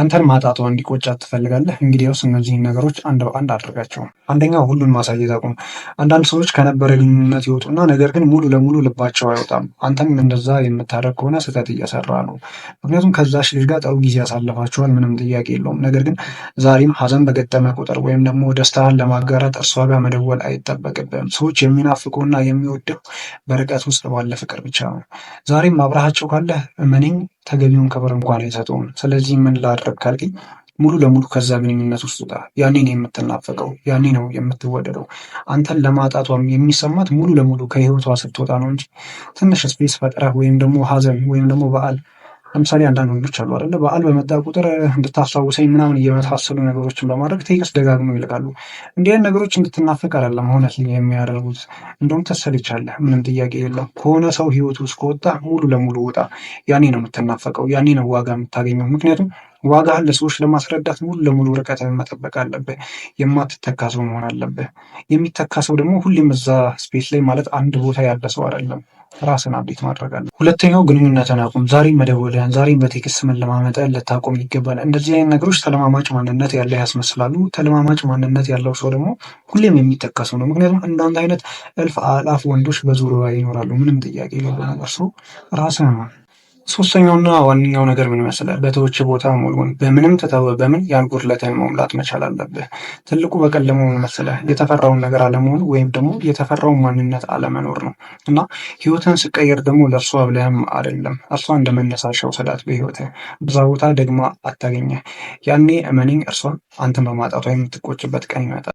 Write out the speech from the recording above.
አንተን ማጣቷ እንዲቆጫት ትፈልጋለህ? እንግዲያውስ እነዚህን ነገሮች አንድ በአንድ አድርጋቸው። አንደኛው ሁሉን ማሳየት አቁም። አንዳንድ ሰዎች ከነበረ ግንኙነት ይወጡና ነገር ግን ሙሉ ለሙሉ ልባቸው አይወጣም። አንተም እንደዛ የምታደርግ ከሆነ ስህተት እየሰራ ነው። ምክንያቱም ከዛች ልጅ ጋር ጥሩ ጊዜ ያሳልፋችኋል፣ ምንም ጥያቄ የለውም። ነገር ግን ዛሬም ሀዘን በገጠመ ቁጥር ወይም ደግሞ ደስታህን ለማጋራት እርሷ ጋር መደወል አይጠበቅብም። ሰዎች የሚናፍቁና የሚወደው በርቀት ውስጥ ባለ ፍቅር ብቻ ነው። ዛሬም አብረሃቸው ካለህ እመነኝ ተገቢውን ክብር እንኳን አይሰጠውም። ስለዚህ ምን ላድረግ ካልከኝ ሙሉ ለሙሉ ከዛ ግንኙነት ውስጥ ውጣ። ያኔ ነው የምትናፈቀው፣ ያኔ ነው የምትወደደው። አንተን ለማጣቷም የሚሰማት ሙሉ ለሙሉ ከህይወቷ ስትወጣ ነው እንጂ ትንሽ ስፔስ ፈጥረህ ወይም ደግሞ ሀዘን ወይም ደግሞ በዓል ለምሳሌ አንዳንድ ወንዶች አሉ አይደለ፣ በዓል በመጣ ቁጥር እንድታስታውሰኝ ምናምን እየመሳሰሉ ነገሮችን በማድረግ ቴክስት ደጋግመው ይልቃሉ። እንዲህ አይነት ነገሮች እንድትናፈቅ አይደለም እውነት የሚያደርጉት። እንደውም ተሰልቻለህ፣ ምንም ጥያቄ የለም። ከሆነ ሰው ህይወት ውስጥ ከወጣ ሙሉ ለሙሉ ወጣ፣ ያኔ ነው የምትናፈቀው፣ ያኔ ነው ዋጋ የምታገኘው። ምክንያቱም ዋጋህን ለሰዎች ለማስረዳት ሙሉ ለሙሉ ርቀት መጠበቅ አለብህ። የማትተካ ሰው መሆን አለብህ። የሚተካ ሰው ደግሞ ሁሌም እዛ ስፔስ ላይ ማለት አንድ ቦታ ያለ ሰው አይደለም። ራስን አብዴት ማድረግ አለ። ሁለተኛው ግንኙነትን አቁም። ዛሬ መደወልህን፣ ዛሬ በቴክስት ለማመጠን ልታቆም ይገባል። እንደዚህ አይነት ነገሮች ተለማማጭ ማንነት ያለ ያስመስላሉ። ተለማማጭ ማንነት ያለው ሰው ደግሞ ሁሌም የሚጠቀ ሰው ነው። ምክንያቱም እንዳንተ አይነት እልፍ አላፍ ወንዶች በዙሪያ ይኖራሉ። ምንም ጥያቄ የሌለው ነገር ሰው ራስን ሶስተኛውና ዋነኛው ነገር ምን ይመስላል? በተወች ቦታ ሙሉን በምንም ተተወ በምን ያን ጉድለትን መሙላት መቻል አለብህ። ትልቁ በቀል ደግሞ ምን መሰለህ? የተፈራውን ነገር አለመሆን ወይም ደግሞ የተፈራውን ማንነት አለመኖር ነው እና ህይወትን ስቀየር ደግሞ ለእርሷ ብለህም አይደለም እርሷ እንደመነሳሻው መነሳሻው በህይወት በህይወትህ ቦታ ደግማ አታገኘ። ያኔ እመኔኝ እርሷን አንተን በማጣቷ የምትቆጭበት ቀን ይመጣል።